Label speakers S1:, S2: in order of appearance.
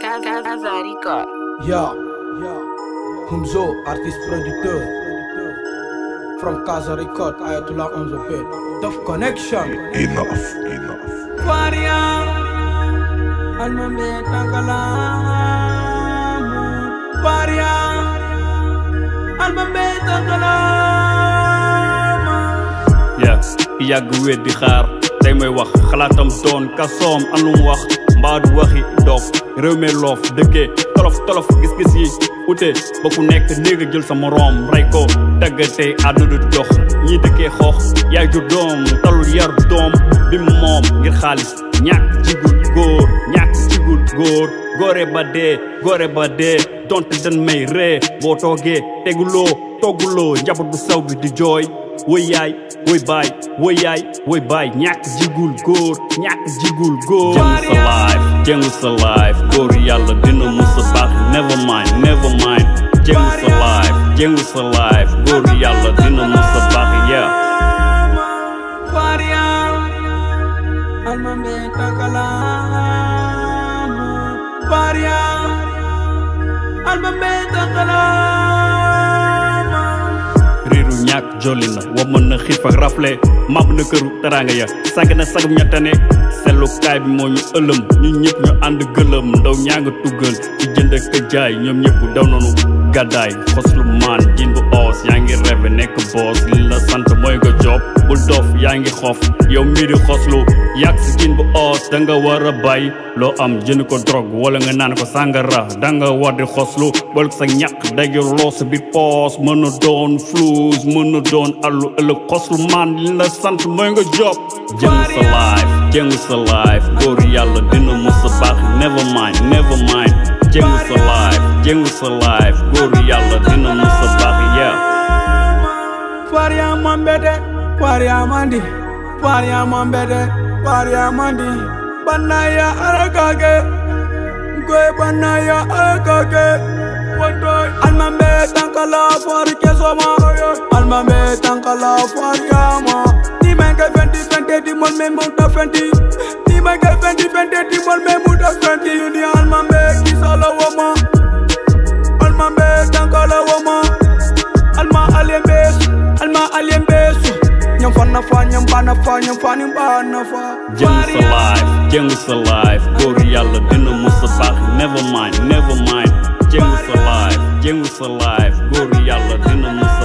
S1: Kazarika.
S2: Ja, Yeah. Humzo, artist producteur From Kaza Record, Ayatollah on the beat. Tough connection. Enough, enough. Waria. almambe takalamu. Waria. almambe takalamu.
S1: Yes. iya guet bigar. Tay may wax, xalatam doon kasom, anum wax. mbaadu waxi dof réew mi loof dëkkee tolof tolof gis-gis yi ute ba ku nekk néega jël sa moroom rey ko tàggatee àdduna du jox ñi dëkkee xoox yaay jur doom talul yar doom bi moom ngir xaalis ñàkk jigul góor ñàkk jigul góor gore bade gore bade donte den may re wotoge tegulo togulo njabatu sawbi di joy woy yaay woy baay woy yaay woy baay ñàkk jigul góor nyak jigul góor jengu sa life jengu sa life góor yàlla dina musa baax never mind never mind jengu alive, life alive, sa life góor yàlla dina musa riiru ñàkk jolli na wa mën na xiif ak rafle mab na këru teraanga ya sag na sagum ña tane sellukaay bi moo ñu ëlëm ñu ñëpp ñu ànd gëlëm ndaw ñaa nga tuggal ci jënd ak jaay ñoom ñëpp daw nanu gàddaay xoslumaan jin bu oos yaa ngi rêve nekk boos li la sant job bu dof yaa xof yow mbiri xoslu yàgg si bu oos da nga war a bàyyi am jënd ko drogue wala nga naan ko sàngara da nga war xoslu bol sa ñàq dagi loos bi poos mën a doon flouze mën àllu ëllëg xoslumaan li la sant mooy nga job jëngu sa life jëngu sa life góor yàlla dina mos a never mind never mind jëngu sa life James alive, góor yàlla dina mës a baax yaa
S2: Paar yaa ma mbete, paar yaa ma ndi Paar yaa ma mbete, paar yaa Banna yaa arakake Goy banna yaa arakake Wantoy Almambe tankala foari kesoma Almambe tankala foari yama Ni menge fenti fenti di mon me mon ta fenti Ni menge fenti fenti di mon me mon ta fenti Ni almambe wo wama fanya fanya mbana fanya fanya mbana fa Jeng is
S1: alive, Jeng is alive Go real, dina musa baax Never mind, never mind Jeng is alive, Jeng is alive Go real, dina
S2: musa